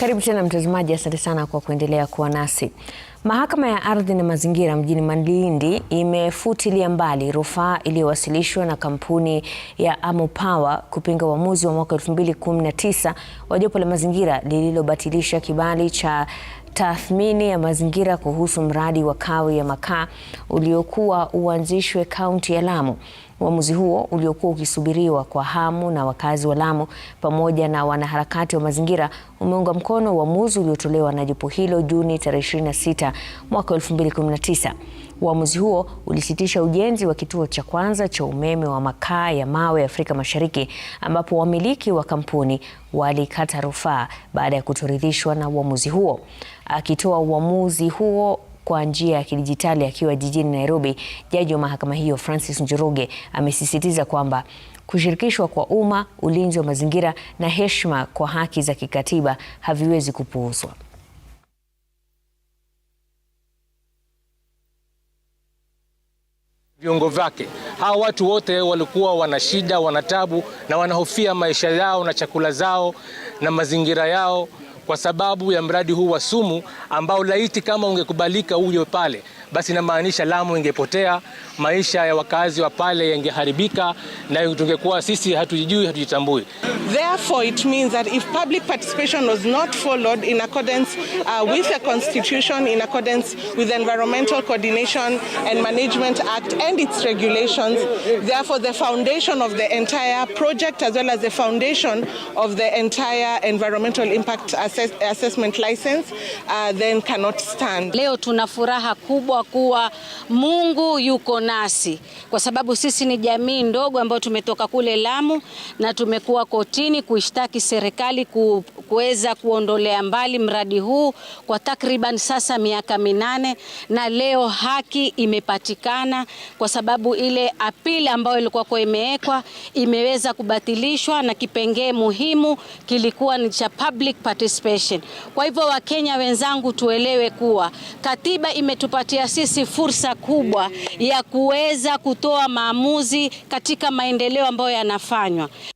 Karibu tena mtazamaji, asante sana kwa kuendelea kuwa nasi. Mahakama ya Ardhi na Mazingira mjini Malindi imefutilia mbali rufaa iliyowasilishwa na kampuni ya Amo Power kupinga uamuzi wa mwaka 2019 wa jopo la mazingira lililobatilisha kibali cha tathmini ya mazingira kuhusu mradi wa kawi ya makaa uliokuwa uanzishwe kaunti ya Lamu. Uamuzi huo uliokuwa ukisubiriwa kwa hamu na wakazi wa Lamu pamoja na wanaharakati wa mazingira umeunga mkono uamuzi uliotolewa na jopo hilo Juni tarehe 26 mwaka 2019. Uamuzi huo ulisitisha ujenzi wa kituo cha kwanza cha umeme wa makaa ya mawe Afrika Mashariki, ambapo wamiliki wa kampuni walikata rufaa baada ya kutoridhishwa na uamuzi huo. Akitoa uamuzi huo kwa njia ya kidijitali akiwa jijini Nairobi, jaji wa mahakama hiyo Francis Njoroge amesisitiza kwamba kushirikishwa kwa umma, ulinzi wa mazingira na heshima kwa haki za kikatiba haviwezi kupuuzwa. viungo vyake. Hawa watu wote walikuwa wana shida, wana tabu na wanahofia maisha yao na chakula zao na mazingira yao kwa sababu ya mradi huu wa sumu ambao laiti kama ungekubalika huyo pale, basi inamaanisha Lamu ingepotea, maisha ya wakazi wa pale yangeharibika, na tungekuwa sisi hatujijui, hatujitambui. Therefore it means that if public participation was not followed in accordance uh, with the constitution in accordance with the environmental coordination and management act and its regulations funds. Therefore, the foundation of the entire project as well as the foundation of the entire environmental impact assess assessment license uh, then cannot stand. Leo tuna furaha kubwa kuwa Mungu yuko nasi kwa sababu sisi ni jamii ndogo ambayo tumetoka kule Lamu na tumekuwa kotini kuishtaki serikali kuweza kuondolea mbali mradi huu kwa takriban sasa miaka minane, na leo haki imepatikana kwa sababu ile apili ambayo ilikuwa kwa imewekwa imeweza kubatilishwa, na kipengee muhimu kilikuwa ni cha public participation. Kwa hivyo, Wakenya wenzangu, tuelewe kuwa katiba imetupatia sisi fursa kubwa ya kuweza kutoa maamuzi katika maendeleo ambayo yanafanywa.